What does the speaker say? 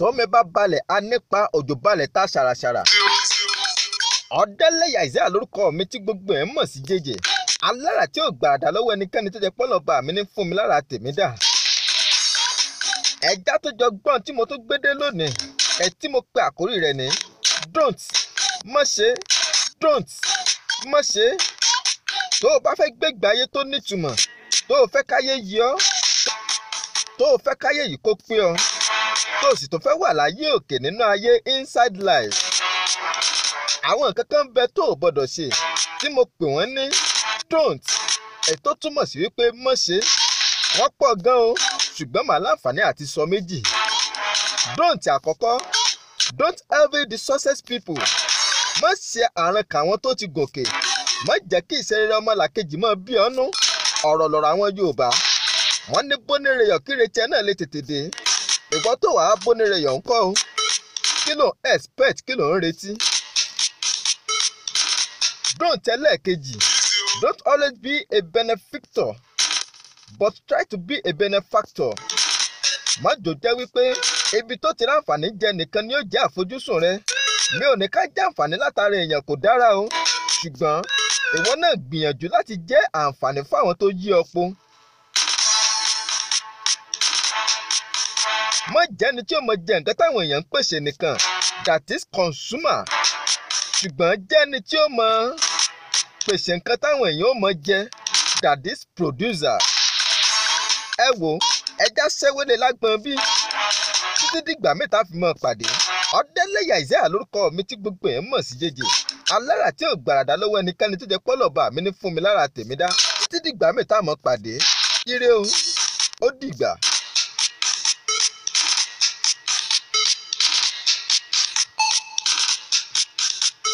tọ́mẹ́bá balẹ̀ a nípa òjò balẹ̀ ta ṣàràṣàrà. ọ̀dẹ́lẹ̀yà ìṣe àlórúkọ mi tí gbogbo ẹ̀ mọ̀ sí jẹjẹ alára tí ò gbàdá lọ́wọ́ ẹnikẹ́ni tó jẹ pọ́lọ́ba mi ní fún mi lára tèmi dà. ẹja tó jọ gbọ́n tí mo tó gbédé lónìí ẹ tí mo pe àkórí rẹ̀ ní don't má ṣe don't má ṣe tó o bá fẹ́ gbégbé ayé tó nítumọ̀ tó o fẹ́ káyé yìí ọ́ tó o fẹ́ káyé yìí kó pé ọ tó sì tún fẹ́ wà láyé òkè nínú ayé inside life àwọn nǹkan kan bẹ tó o gbọ́dọ̀ ṣe tí mo pè wọ́n ní don't ètò túmọ̀ sí wípé mọ̀ ṣe wọ́n pọ̀ gan o ṣùgbọ́n màá láǹfààní àti sọ méjì don't àkọ́kọ́ don't envy the success people má ṣe àrùn kàwọn tó ti gòkè má jẹ́ kí ìṣeré ọmọlàkejì máa bí ọ́nú ọ̀rọ̀ lọ̀rọ̀ àwọn Yorùbá wọ́n ní bóníreyọ̀ kíre tiẹ̀ náà lè tètè dé nǹkan tó wàá bónireyọ̀ ń kọ́ o kí ló ń expect kí ló ń retí. don't tẹ́lẹ̀ kejì don't always be a benefactor but try to be a benefactor. má jò jẹ́ wípé ibi tó ti ráǹfààní jẹ nìkan ni yóò jẹ́ àfojúsùn rẹ mi ò ní ká jẹ́ àǹfààní látara èèyàn kò dára o ṣùgbọ́n ìwọ náà gbìyànjú láti jẹ́ àǹfààní fáwọn tó yí ọ po. mọ jẹ́ ẹni tí ó mọ jẹ nǹkan táwọn èèyàn ń pèsè nìkan that is consumer ṣùgbọ́n jẹ́ ẹni tí ó mọ pèsè nǹkan táwọn èèyàn ó mọ jẹ that is producer ẹ wo ẹja ṣẹ́wélé lágbọ́n bí títí dìgbà mẹ́ta fi mọ́ pàdé ọ̀dẹ́lẹ́yà Isaiah lórúkọ mi tí gbogbo ẹ̀ mọ̀ sí jẹjẹ alára tí ò gbàràdà lọ́wọ́ ẹnikẹ́ni tó jẹ́ pọ́lọ́ba mi ní fún mi lára tèmi dá títí dìgbà mẹ́ta mọ́ pàdé ire o ó dìgbà.